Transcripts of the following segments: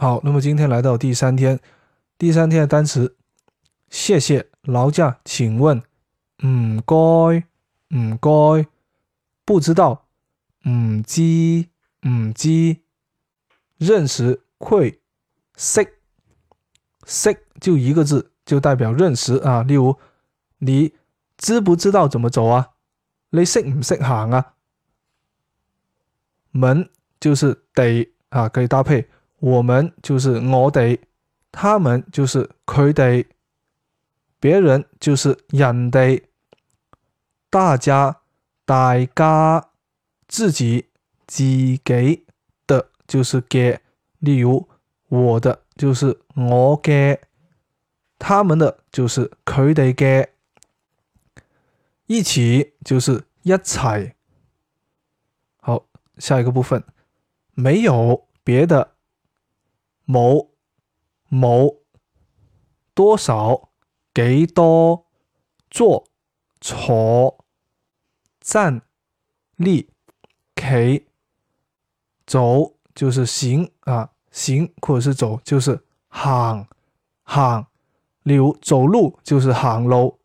好，那麼今天來到第三天，第三天的單詞，謝謝，勞駕，請問，唔該，唔該，不知道，唔知，唔知，認識，會識，識，識就一個字，就代表認識啊。例如，你知不知道怎麼走啊？你識唔識行啊？門就是得啊，可以搭配。我們就是我哋，他們就是佢哋，別人就是人哋，大家大家，自己自己，的，就是嘅，例如我的就是我嘅，他們的就是佢哋嘅，一起就是一齊。好，下一個部分，沒有別的。冇冇，多少幾多，坐坐，站立企，走就是行啊，行，或者是走就是行行。例如走路就是行路。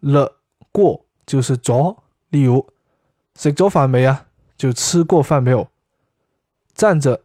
了過就是咗。例如，食咗飯未啊？就吃過飯沒有？站着，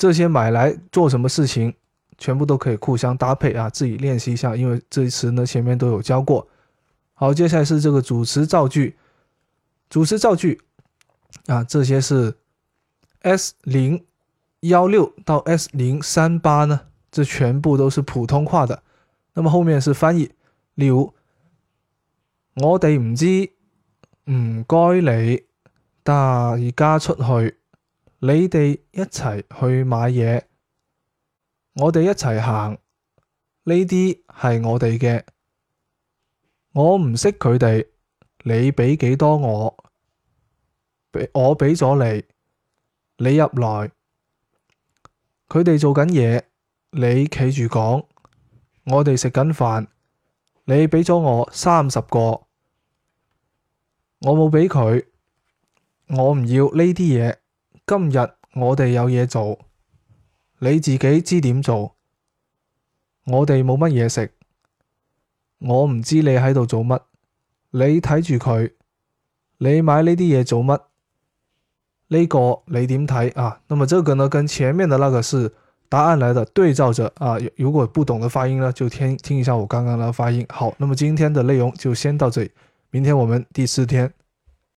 這些買來做什麼事情，全部都可以互相搭配啊！自己練習一下，因為這些詞呢前面都有教過。好，接下來是這個組詞造句，組詞造句啊，這些是 S 零幺六到 S 零三八呢，這全部都是普通話的。那麼後面是翻譯，例如我哋唔知唔該你，但而家出去。你哋一齊去買嘢，我哋一齊行，呢啲係我哋嘅。我唔識佢哋，你俾幾多我？俾我俾咗你，你入來，佢哋做緊嘢，你企住講，我哋食緊飯，你俾咗我三十個，我冇俾佢，我唔要呢啲嘢。今日我哋有嘢做，你自己知點做？我哋冇乜嘢食，我唔知你喺度做乜。你睇住佢，你買呢啲嘢做乜？呢個你點睇啊？咁啊，這個呢，跟前面的那個是答案嚟的，對照着啊。如果不懂的發音呢，就聽聽一下我剛剛的發音。好，那麼今天的內容就先到這裏，明天我們第四天。